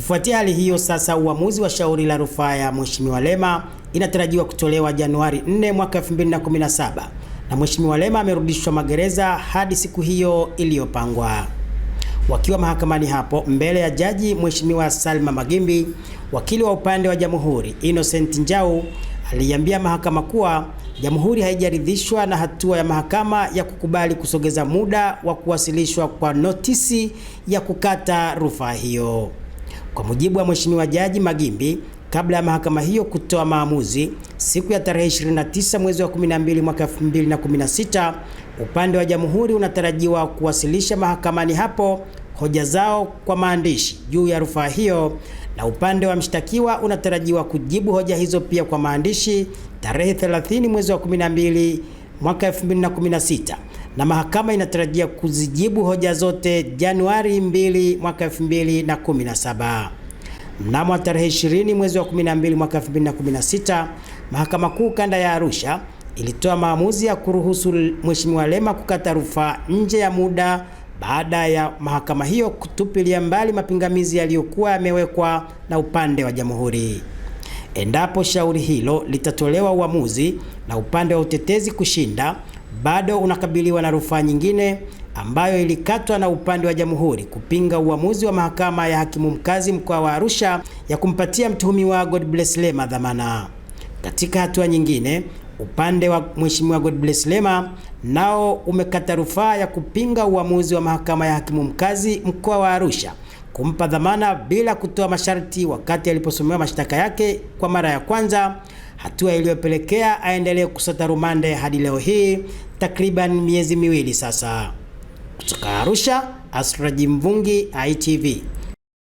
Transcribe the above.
Kufuatia hali hiyo, sasa uamuzi wa shauri la rufaa ya Mheshimiwa Lema inatarajiwa kutolewa Januari 4 mwaka 2017 na Mheshimiwa Lema amerudishwa magereza hadi siku hiyo iliyopangwa. Wakiwa mahakamani hapo mbele ya jaji Mheshimiwa Salma Magimbi, wakili wa upande wa Jamhuri Innocent Njau aliambia mahakama kuwa Jamhuri haijaridhishwa na hatua ya mahakama ya kukubali kusogeza muda wa kuwasilishwa kwa notisi ya kukata rufaa hiyo. Kwa mujibu wa Mheshimiwa Jaji Magimbi, kabla ya mahakama hiyo kutoa maamuzi siku ya tarehe 29 mwezi wa 12 mwaka 2016, upande wa jamhuri unatarajiwa kuwasilisha mahakamani hapo hoja zao kwa maandishi juu ya rufaa hiyo na upande wa mshtakiwa unatarajiwa kujibu hoja hizo pia kwa maandishi tarehe 30 mwezi wa 12 mwaka 2016 na mahakama inatarajia kuzijibu hoja zote Januari 2 mwaka 2017. Mnamo tarehe 20 mwezi wa 12 mwaka 2016, Mahakama Kuu Kanda ya Arusha ilitoa maamuzi ya kuruhusu Mheshimiwa Lema kukata rufaa nje ya muda baada ya mahakama hiyo kutupilia mbali mapingamizi yaliyokuwa yamewekwa na upande wa Jamhuri. Endapo shauri hilo litatolewa uamuzi na upande wa utetezi kushinda, bado unakabiliwa na rufaa nyingine ambayo ilikatwa na upande wa Jamhuri kupinga uamuzi wa mahakama ya hakimu mkazi mkoa wa Arusha ya kumpatia mtuhumiwa Godbless Lema dhamana. Katika hatua nyingine, upande wa Mheshimiwa Godbless Lema nao umekata rufaa ya kupinga uamuzi wa mahakama ya hakimu mkazi mkoa wa Arusha kumpa dhamana bila kutoa masharti wakati aliposomewa mashtaka yake kwa mara ya kwanza, hatua iliyopelekea aendelee kusota rumande hadi leo hii takriban miezi miwili sasa. Kutoka Arusha, Asraji Mvungi, ITV.